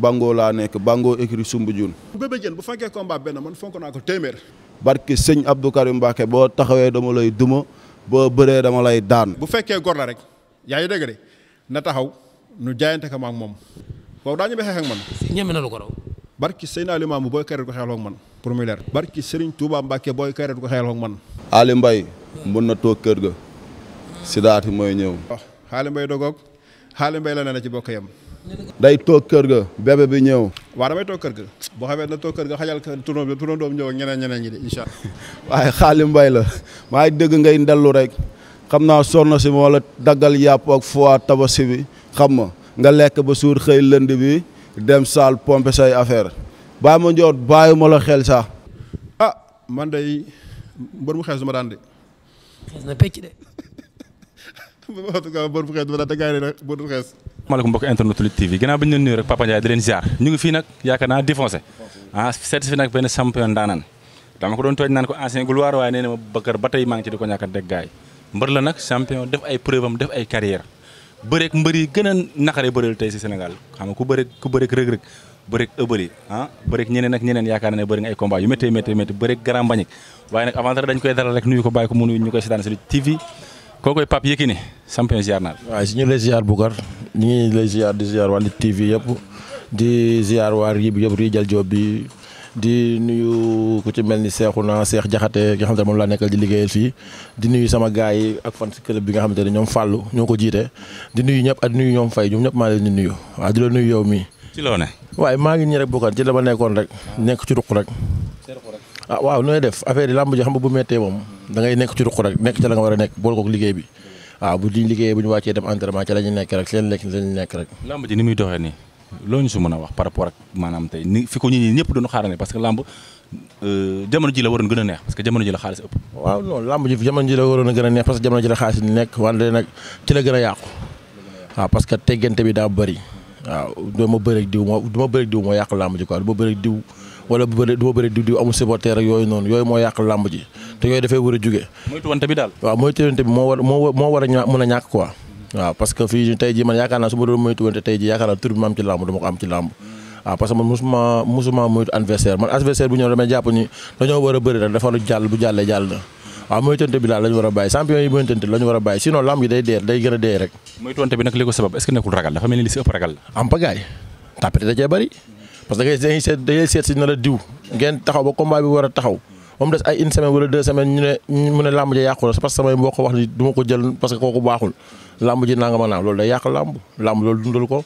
Bango laa nekk bàngoo écrit Soumbédioune. Bébé Diène bu fekkee combat benn man fonk naa ko téeméer. barke sëñ Abdou Karim Mbacke boo taxawee dama lay duma boo bëree dama lay daan. bu fekkee gor la rek yaa ngi dégg de na taxaw nu jaayante ko ma ak moom waaw daa ñeme xeex ak man. ñeme na lu ko raw. barki Seydina Limaamu booy kareet ko xeexal man pour muy leer. barki Serigne Touba Mbacke booy kareet ko xeexal ak man. Ali Mbaye na toog kër ga. Sidaati mooy ñëw. waaw xaali Mbaye dogoog xaali Mbaye la ne ci bokk yam day toog kër ga bébé bi ñëw waaw damay toog kër ga boo xamee na toog kër ga xajal kër tournoi bi tournoi doom ñëw ak ñeneen ñeneen ñi de incha waaye xaali mbay la waaye dëgg ngay ndellu rek xam naa sonn si ma wala daggal yàpp ak foie tabaski bi xam ma nga lekk ba suur xëy lënd bi dem saal pompe say affaire bàyyi ma njoot bàyyi ma la xel sax ah man day mbër mu xees ma daan de en tout cas mbokk internet Lutte TV ginnaaw bi ñu leen rek Papa Ndiaye di ñu ngi fii nag yaakaar naa défoncé ah seet waaye nee ba tey maa ci di ko ñàkk a dégg mbër la nag champion def ay preuve am def ay carrière bëreek mbër yi gën a naqare tey si Sénégal xam nga ku bëreek rëg-rëg bëreek ëbëli ah, bëreek ñeneen ak ñeneen yaakaar na ne bëri nga ay combat yu métti bëreek Grand Mbagnick waaye nag avant dañ koy dalal rek kookoy Pape Yékini champion ziar naa la. waaye si ñu lay ziar Boucar ñu ngi lay ziar di ziar waa Lutte TV yëpp di ziar waa RIB bi di nuyu ku ci mel ni Seexuna Seex Jaxate nga xam ne moom laa nekkal di liggéeyal fii nuyu sama gars yi ak fan si club bi nga xamante ne ñoom fàllu ñoo ko jiite di nuyu ñëpp ak nuyu ñoom fay ñoom ñëpp maa leen di nuyu waaw di la nuyu yow mii. loo waaye maa ngi nii rek Boucar ci dama nekkoon rek nekk ci ruq rek. ah waaw nooy def affaire yi làmb ji xam nga bu méttee moom. dangay nekk ci ruq rek nekk ca la nga war a nekk bool kook liggéey bi waaw bu diñ liggéeyee bu ñu wàccee dem entraînement ca la nekk rek seen ji ni muy doxee nii loo ñu su mën a wax par rapport ak maanaam tey ni fi ko nit ñi ñëpp doon xaarane parce que lamb euh, jamono ji la a neex parce que jamono ji la xaalis ëpp waaw non lamb ji jamono ji la waroon a gën a neex parce que jamono ji la xaalis ni nekk wante nag ci la gën a yàqu waaw parce que teggante bi daa bëri waaw du ma wala bu bëri du ma bëri diw diw amul supporter yooyu noonu yooyu moo yàq làmb ji te yooyu dafay war a jugee. moytuwante bi bi na. waaw moytuwante bi daal la ñu war a bàyyi champion yi moytuwante la ñu war a bàyyi sinon lamb yi day dee day gën a dee rek. moytuwante bi nag li ko sabab est-ce que nekkul ragal dafa mel ni li si ëpp ragal am pagaay tapete da cee bari parce que da ngay seet da ngay seet si na la diw ngeen taxaw ba combat bi war a taxaw ba mu des ay une semaine wala deux semaines ñu ne mu ne làmb ji yàqu la parce que samay mbokk wax ni du ma ko jël parce que kooku baaxul làmb ji nangama naa loolu dundal ko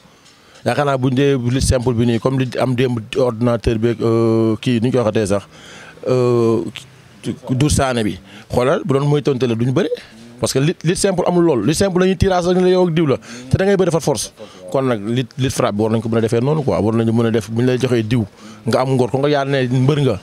yaakaar naa bu dee simple bi nii comme li am démb ordinateur bi euh, kii ni ñu ko waxatee sax euh, dur saane bi xoolal bu doon moytante la duñ bëri parce que lit lit simple amul lool lit simple la ñuy tirage rek ne la yow ak diw la te da bëri far force kon nag lit lit frappe bi war nañ ko mën a war nañu mën a def bu ñu lay joxee diw nga am ngor ko nga yaar ne mbër nga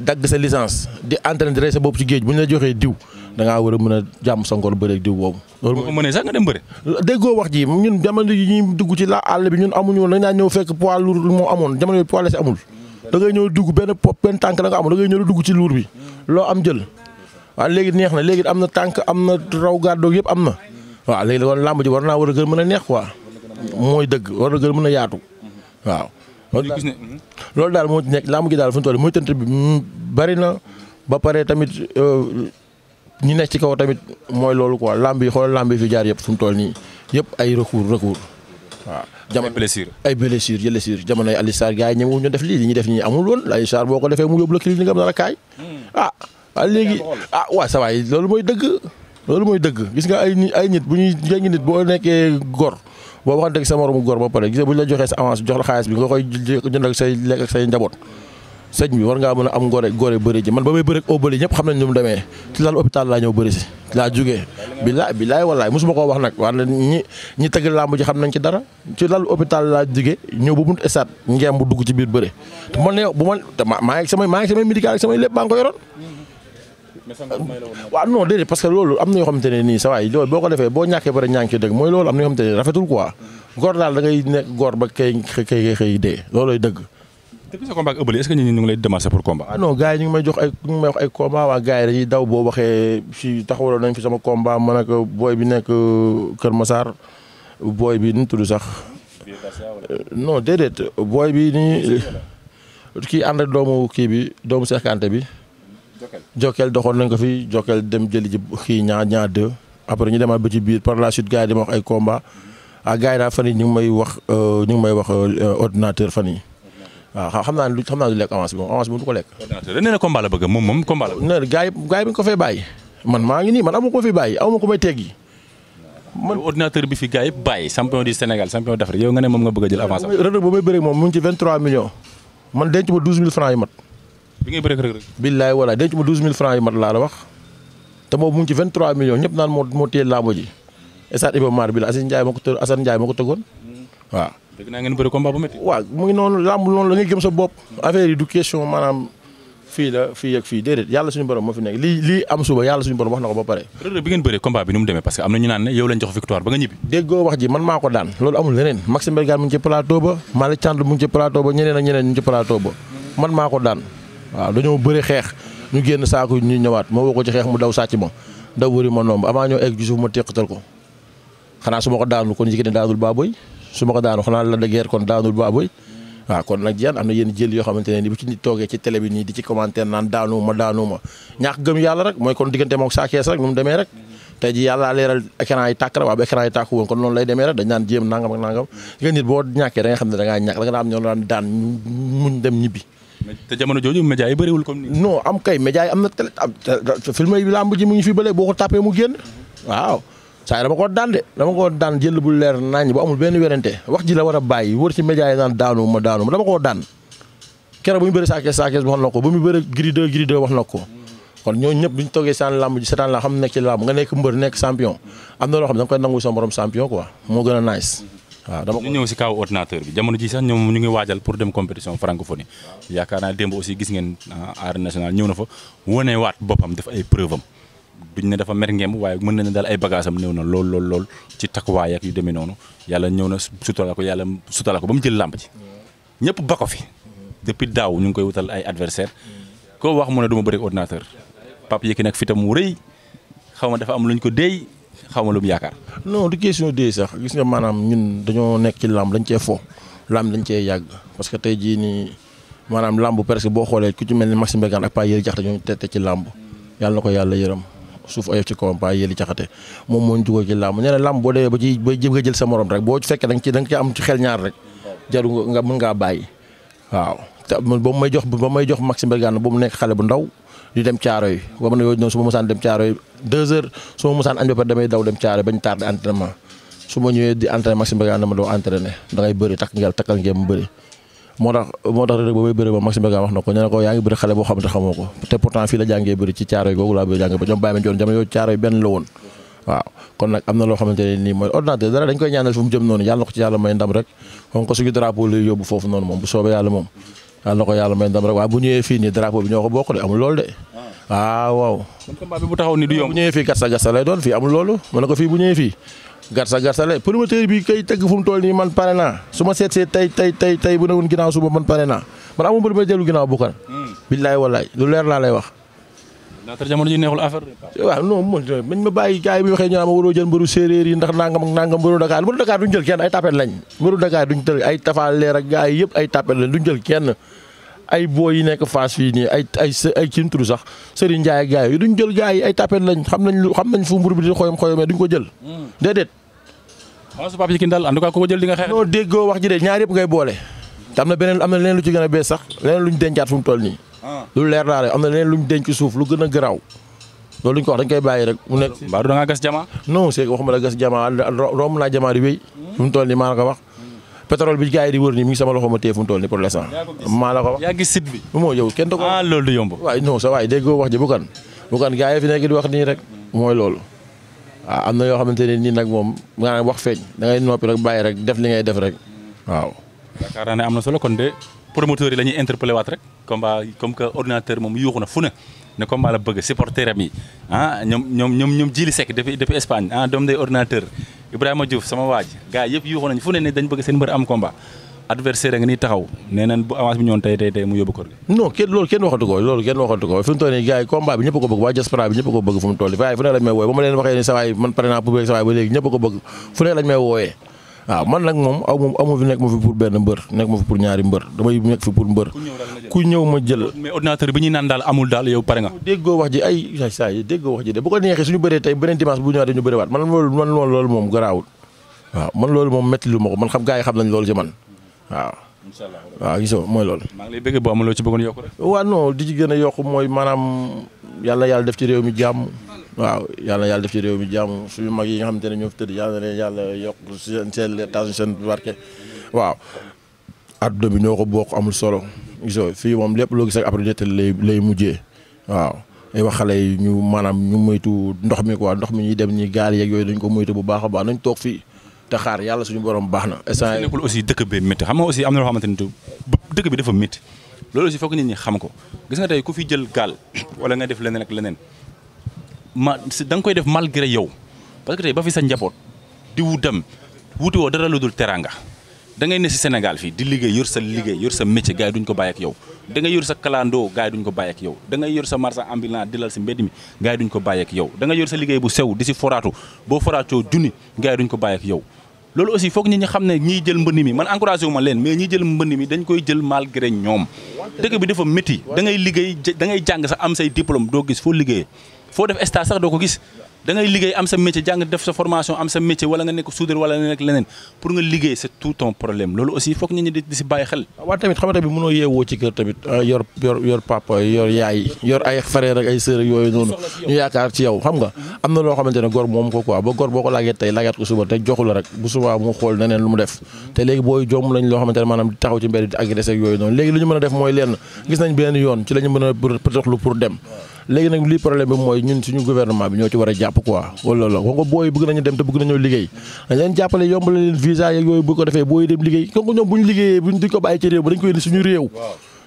dagg sa licence di entraîné di rey sa bopp ci géej bu ñu la joxee diw da war a mën a jàmm sa ngor bëri ak diw boobu. loolu mooy boo a mënee sax nga dem bëri. déggoo wax ji ñun jamono yi ñuy dugg ci la àll bi ñun amuñu woon dañ daan ñëw fekk poids lourd moo amoon jamono yi poids léger amul da ngay ñëw tànk la nga amul da ngay ñëw dugg ci luur bi loo am jël waa léegi neex na léegi am na tànk am na raw gàddoog yëpp am na waaw léegi war làmb ji war naa war a gën mën a neex quoi mooy dëgg war a gën mën a yaatu waaw. loolu hmm? daal moo ci nekk làmb ji daal fu mu toll mooy tënt bi bari na ba pare tamit euh, ñi nekk ci kaw tamit mooy loolu quoi làmb yi xool làmb yi fi jaar yëpp fu mu toll nii yëpp ay recours recours waaw. jamono ay blessure ay blessure blessure jamonoy Alioune Sarr gars yi ñoom ñu def lii li ñu def nii amul woon Alioune Sarr boo ko defee mu yóbbu la clinique am na la kaay hmm. ah. ah léegi ah waa sa waay loolu mooy dëgg loolu mooy dëgg gis nga ay ay nit bu ñuy jëngi nit boo nekkee gor boo waxanteeg sa moromu gor ba pare gis nga bu la joxee sa avance jox la xaalis bi nga koy jënd ak say lekk ak say njaboot sëñ bi war ngaa mën a am gore gore bëri ji man ba may bëri au bëri ñëpp xam nañ ni mu demee ci laal hôpital laa ñëw bëri si laa jugee billaay billaay wallaay mosuma koo wax nag wala ñi ñi tëgg làmb ji xam nañ ci dara ci laal hôpital laa jugee ñëw ba bunt stade ngeen bu dugg ci biir bëri te man bu man maa ngi samay maa ngi samay lépp baa ngi ko waaw non déedéet parce que loolu am na yoo xamante te nii sa waay loolu boo ko defee boo ñàkkee bare ñànk dëgg mooy loolu am na yoo xamante ne rafetul quoi góor daal da ngay nekk góor ba kay kay xëy dee looloy dëgg depuis sa combat ak Obeuli est-ce que ah boo booy bi nekk euh, Kër Massar booy bi nu tudd sax. Euh, non déedéet booy bi nii kii ànd doomu kii bi doomu Cheikh bi. Jokal doxoon nañ ko fi Jokal dem jëli ji kii ñaar ñaar deux après ñu demaat ba ci biir par la suite gars yi di ma wax ay combat ah gars yi daal fan yi ñu ngi may wax euh, ñu ngi may wax euh, ordinateur fan yi waaw ah, xam naa ne lu xam naa ne du lekk avance bi moom avance ko lekk. ordinateur nee ko fay bàyyi man maa ngi nii man amu ko fi bàyyi amu ko may teggi. man ordinateur bi fi gars yëpp bàyyi champion du Sénégal champion d'Afrique yow nga ne moom nga bëgg a jël avance. Reug Reug ba may bëre moom mu ngi ci 23 millions man ma bi ngay bëre rek rek. billaay walaay denc ma 12000 francs yi mat laa la wax te moom mu ngi ci 23 millions ñëpp naan moo moo téye bi ko të mm. ngeen bëri combat bi ngeen mu demee parce que am na ñu naan ne yow lañ jox victoire ba nga ñibbi. déggoo wax ji man maa ko daan loolu amul leneen Maxime Bergane mu ngi ci plateau ba Malick Thiandoum mu ngi ci plateau ba ñeneen ñeneen ñu ci plateau ba man maa ko daan waaw dañoo bëri xeex ñu génn saako ñu ñëwaat ma woo ko ci xeex mu daw sàcc ma daw wëri ma nomb avant ñoo ma ko xanaa su ma ko kon Yékini daanul Baboy su ma ko daanul xanaa Lac de Guiers kon daanul Baboy waaw kon nag jiyaan am na jël yoo xamante ne ni bu ci nit toogee ci télé bi nii di ci commentaire naan daanu kon diggante mook Sa Thiès rek nu mu demee rek tey ji yàlla leeral écran yi tàkk lay demee rek dañ naan jéem nangam ak nangam nga nit boo ñàkkee da nga xam ne da ñàkk da nga am ñoo daan daan muñ dem ñibbi te jamono jooju média yi bëriwul comme ni. non am kay média yi am na télé film yi làmb ji mu ngi fi bële boo ko tàppee mu génn waaw saa dama ko daan de dama ko daan jël bu leer nañ boo amul benn werante wax ji la war a bàyyi wër ci média naan daanu ma daanu ma dama koo daan keroog bu ñu bëri saakees saakees wax na ko ba mu bëri gris deux wax na ko kon ñooñu ñëpp bu ñu toogee seen làmb ji seetaan la xam nekk ci làmb nga nekk mbër nekk champion am na loo xam da nga koy nangu sa morom moo gën a waaw dama ñëw si kaw ordinateur bi jamono ji sax ñoom ñu ngi waajal pour dem compétition francophonie yaakaar naa démb aussi gis ngeen ah, arène nationale ñëw na fa ne waat boppam def ay preuve am duñ ne dafa mer ngeem waaye mën na daal ay bagage am néew na lool lool lool ci takkuwaay ak yu noonu yàlla ñëw na sutala ko yàlla sutala ko ba mu jël làmb ji ñëpp ba fi depuis daaw ñu ngi koy wutal ay adversaire koo wax mu ne duma ma bëri ordinateur Pape Yékini nag fitam wu rëy xaw ma dafa am luñ ko déy xaw ma lu mu yaakaar. non du question dee sax gis nga maanaam ñun dañoo nekk ci làmb dañ cee fo làmb dañ cee yàgg parce que tey jii nii maanaam làmb presque boo xoolee ku ci mel ni Maxime Bergan ak Paa Yéli Jaxate ñoo te ci làmb yàlla na ko yàlla yërëm suuf oyof ci kawam Paa Yéli Jaxate moom moo ñu dugal ci làmb nee làmb boo demee ba ci ba jëm jël sa morom rek boo fekkee da nga ci da nga ci am ci xel ñaar rek jaru nga mën ngaa bàyyi waaw ba may jox ba may jox Maxime mu nekk xale bu ndaw di dem caaro yi ba mu ne yooyu noonu su ma dem caaro yi deux heures su ma añ ba pare daw dem caaro yi bañ tardé entraînement su ma mu may bëri noonu yàlla ko ci yàlla may ndam rek kon ko suñu drapeau lay yóbbu foofu noonu moom bu soobee yàlla moom yàlla na ko yàlla may ndam rek waaw bu ñëwee fii nii drapeau bi ñoo ko bokk de amul loolu de. waaw waaw. kon combat bi bu taxaw nii du yomb bu ñëwee fii gàtsa gàtsa lay doon fii amul loolu ma ne ko fii bu ñëwee fii gàtsa gàtsa lay promoteur bi kay tëgg fu mu toll nii man pare naa su ma seetsee tey tey tey tey bu ne woon ginnaaw suba man pare naa man amul mbir ma jëlu ginnaaw bu kan. Hmm. billaay wallaay lu leer laa lay wax ndax jamono ji neexul ma bàyyi gars yi bi waxee ñu naan ma waroo jël mbëru séeréer yi ndax nangam ak nangam mbëru Dakar mbëru Dakar duñ jël duñ jël kenn ay boo yi nekk yi duñ ay tapet lañ xam nañ fu mburu bi di xoyom xoyomee duñ ko jël hmm. déedéet waaw su Pape Yékini daal en tout cas ku ko jël déggoo wax ji de ñaar yëpp ngay boole am na beneen am na leneen lu ci gën a bees sax leneen luñ dencaat fu toll nii Ah. lu leer naa rek am na leen luñ denc suuf lu gën a garaaw loolu lu ñu ko wax dañ bàyyi rek mu nekk mbaa da ngaa gas jamaa non c'est que waxuma la gas jamaa romb naa jamaa di wéy hmm. fi mu toll nii maa la ko wax pétrole bi gars yi di wër nii mi ngi sama loxo ma téye fu mu toll nii pour l'instant maa la ko wax yaa gis site bi moo yow kenn da ko ah loolu du yomb waaye non sa waay déggoo wax ji bu kan bu yi fi nekk di wax nii rek mooy loolu waaw ah, am na yoo xamante ne nii nag moom nga wax feeñ da noppi rek bàyyi rek def li ngay def rek waaw yaakaar am na solo kon promoteurs yi la ñuy interpellé waat rek combat comme que ordinateur moom yuuxu na fu ne ne combat la bëgg supporter am yi ah ñoom ñoom ñoom sekk depuis Espagne ah doom day ordinateur Ibrahima Diouf sama waaj gars yëpp yuuxu nañ fu ne ne dañ bëgg seen mbër am combat adversaire nga ni taxaw nee bu avance bi ñëwoon tey tey mu yóbbu kër gi loolu kenn waxatu ko loolu kenn waxatu ko fi mu toll yi combat bi ñëpp ko bëgg fu mu toll nii fu fu ne lañ may wooyee waaw man nag moom aw ma aw ma fi ñaari mbër damay nekk fi pour mbër. ku ñëw ma jël mais ordinateur man loolu moom garaawul waaw man loolu moom métti ma ko man xam gaa yi xam nañ loolu ci man waaw. waaw gis mooy loolu. maa ngi lay bëgg boo amuloo di ci gën a yokk mooy maanaam yàlla yàlla def ci réew mi jàmm waaw yàlla yàlla def ci réew mi jàmm suñu mag yi nga xam xamante ne ñoo fi tëdd yàlla na leen yàlla yokk seen seen taas seen barke waaw adduna bi ñoo ko bokk amul solo gisoo fii moom lépp loo gis ak après nettali lay lay mujjee waaw ay wax xale yi ñu maanaam ñu moytu ndox mi quoi ndox mi ñuy dem ñi gaal yeeg yooyu dañ ko moytu bu baax a baax nañ toog fii te xaar yàlla suñu borom baax na. instant yii nekkul aussi dëkk bi métti xam nga aussi am na loo xamante ni dëkk bi dafa métti loolu aussi foog nit ñi xam ko gis tey ku fi jël gaal wala nga def leneen ak leneen ma da nga koy def malgré yow parce que tey ba fi sa njaboot di wu dem wuti woo dara lu dul teraanga da ngay ne si Sénégal fii di liggéey yor sa liggéey yor sa métier gars yi duñ ko bàyyi ak yow da ngay yor sa kalandoo gars yi duñ ko yow da ngay yor sa marchand ambulant di lal si mbedd mi gars yi duñ ko bàyyi ak yow da ngay yor sa liggéey bu sew di si foraatu boo foraatoo junni gars yi duñ ko bàyyi ak yow loolu aussi foog ñi ñi xam ne ñiy jël mbënd mi man encouragé wu ma leen mais ñiy jël mbënd mi dañ koy jël malgré ñoom dëkk bi dafa métti da ngay liggéey da ngay jàng sa am say diplôme doo gis foo liggéeyee foo def stage sax doo ko gis da ngay liggéey am sa métier jàng def sa formation am sa métier wala nga nekk soudeur wala nga nekk leneen pour nga liggéey c'est tout ton problème loolu aussi foog nit di si bàyyi xel. waaw tamit xam nga tamit yeewoo ci kër tamit euh, yor papa yor yaay yor ay frère ak ay sœur yooyu noonu ñu yaakaar ci yow xam nga mm-hmm. am na loo xamante ne gor moom ko quoi ba gor boo ko laajee tey laajaat ko suba te joxu rek bu subaa mu xool mm-hmm. loo xamante ne maanaam taxaw léegi nag lii problème bi mooy ñun suñu gouvernement bi ñoo ci war a jàpp quoi wala la kon ko booy bëgg nañu dem te bëgg nañoo liggéey dañ leen jàppale yombal leen visa yooyu bu ko defee booy dem liggéey kon ko ñoom bu ñu liggéeyee buñ duñ ko bàyyi ci réew bi dañ koy indi suñu réew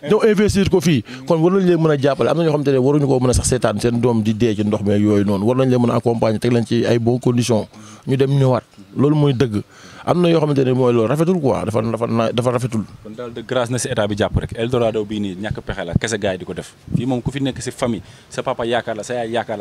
ñëw investir ko fii kon war nañ leen mën a jàppale am na ñoo xamante ne waruñu ko mën a sax seetaan seen doom di dee ci ndox mi yooyu noonu war nañ leen mën a accompagner teg leen ci ay bonnes conditions ñu dem ñëwaat loolu mooy dëgg am na yoo xamante ne mooy loolu rafetul quoi dafa dafa dafa rafetul kon na si état bi jàpp rek Eldorado bii nii ñàkk pexe la kese gars di ko def fii moom ku fi nekk si famille sa papa yaakaar la sa yaay yaakaar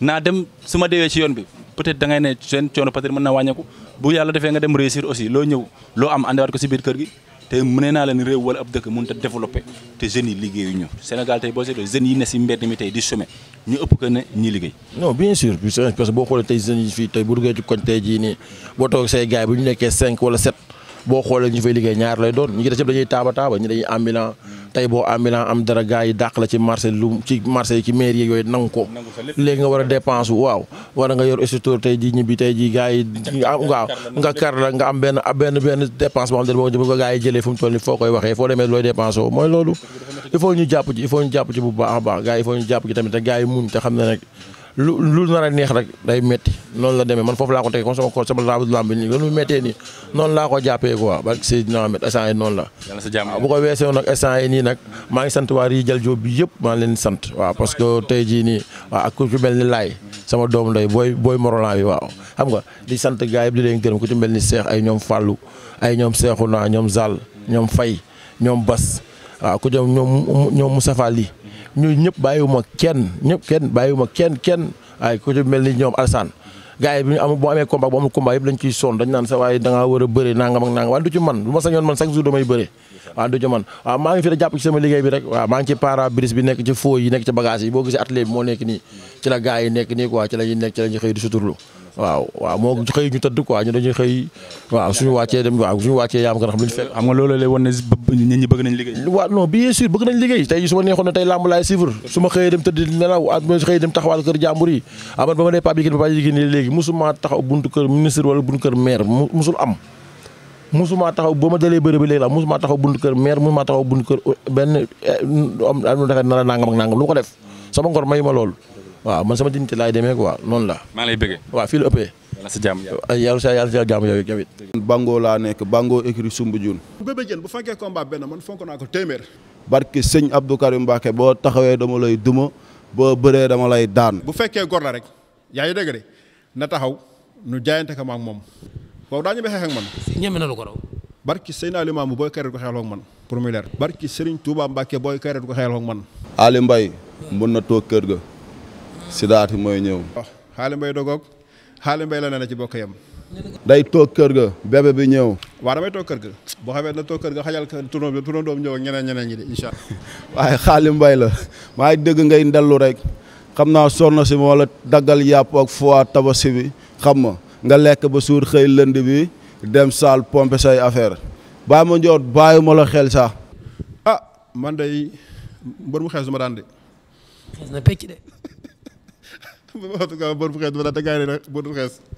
naa dem su ma deewee ci yoon bi peut-être da ngay ne seen coono peut-être mën naa wàññeeku bu yàlla defee nga dem réussir aussi loo ñëw loo am àndiwaat ko ci biir kër gi te mënee leen réew wala ab dëkk mënut a développé te jeunes yi liggéeyuñu Sénégal tey boo seetloo jeunes yi ne ci mbedd mi tey di chômer ñu ëpp que ne ñi liggéey. non bien sûr parce que boo xoolee tey jeunes yi fii tey bu duggee ci koñ nii boo toog say gars bu ñu nekkee 5 wala 7 boo xoolee tey boo ambulant am dara gars yi dàq la ci marché lu ci marché ci maire yooyu nangu ko léegi nga war a dépense waaw war nga yor structure tey ji ñibbi tey ji gars yi waaw nga kar la nga am benn benn benn boo xam ne boo ko yi jëlee fu mu toll ni foo koy waxee foo demee looy dépense woo mooy loolu il faut ñu jàpp ci il faut ñu jàpp ci bu baax a baax gars yi il ñu jàpp ci tamit te gars yi muñ te xam ne nag lu lu nar a neex rek day metti noonu la demee man foofu laa ko teg comme sama ko sama rabu lamb bi nii loolu méttee nii noonu laa ko jàppee quoi ba Seydina Ahmed instant yi noonu la. bu ko weesoo nag instant yi nii nag maa ngi sant waa Rijal Diop bi yëpp maa ngi leen sant waaw parce que tey jii nii waaw ak ku ci mel ni laay sama doom ndey booy booy morolan bi waaw xam nga di sant gars yi di leen gërëm ku ci mel ni Cheikh ay ñoom Fallou ay ñoom Cheikhouna ñoom Zal ñoom Faye ñoom Bas waaw ku jëm ñoom ñoom Moustapha Ly ñooñu ñëpp bàyyiwuma kenn ñëpp kenn bàyyiwuma kenn kenn ay ku ci mel ni ñoom Alassane gars yi bi ñu am boo amee combat boo amul combat yëpp dañ ciy sonn dañ naan sa waaye da war a bëre nangam ak nangam waaye du ci man lu ma sañoon man chaque jour damay bëre waaw du ci man waaw maa ngi fi da jàpp ci sama liggéey bi rek waaw maa ngi ci pare bi nekk ci faux yi nekk ci bagage yi boo gisee atelier bi moo nekk nii ci la gars yi nekk nii quoi ci ci la waaw waaw moo xëy ñu tëdd quoi ñu dañuy xëy waaw suñu wàccee dem waaw suñu wàccee yaam nga xam lu ñu fekk xam nga ñi bëgg nañ liggéey waaw non bien sûr bëgg ne tey làmb laay suivre su ma xëyee dem tëdd nelaw ak ah, ma xëyee dem taxawal kër jàmbur yi aman ah, ba ma nee Pape Yékini Pape Yékini léegi musuma taxaw buntu kër ministre wala buntu kër am musuma taxaw ba ma dalee bëri bi léegi la musuma taxaw buntu kër maire musuma taxaw buntu kër benn eh, am na nara nangam ak nangam lu ko def sama ngor may ma loolu waaw man sama dignité laay demee ko noonu la. maa lay bëggee. waaw fii la ëppee. yàlla sa jàmm yàlla sa yàlla sa jàmm yow yow it. Bango laa nekk Bango écrit Soumbédioune. Bébé Diène bu fekkee combat benn man fonk naa ko téeméer. barke sëñ Abdou Karim Mbacke boo taxawee dama lay duma boo bëree dama lay daan. bu fekkee gor la rek yaa ngi dégg de na taxaw nu jaayante ko ma ak moom waaw daa ñeme xeex ak man. ñeme na lu ko raw. barki Seydina Limaamu booy kareet ko xeexal ak man pour muy leer. barki Serigne Touba Mbacke booy kareet ko xeexal ak man. Ali Mbaye mën na toog kër ga. Sidaati mooy ñëw. wax oh, xaali mbay dogoog xaali mbay la ne na ci bokk yam day toog kër ga bébé bi ñëw. waaw damay toog kër ga boo xamee na toog kër ga xajal tournoi bi tournoi doom ñëw ak ñeneen ñeneen ñi de incha waaye xaali mbay la waaye dëgg ngay ndellu rek xam naa sonn si ma wala daggal yàpp ak foie tabaski bi xam ma nga lekk ba suur xëy lënd bi dem saal pompe say affaire bàyyi ma njoot bàyyi ma la xel sax. ah man day mbër mu xees ma daan de. en tout cas booru bu xees bu daan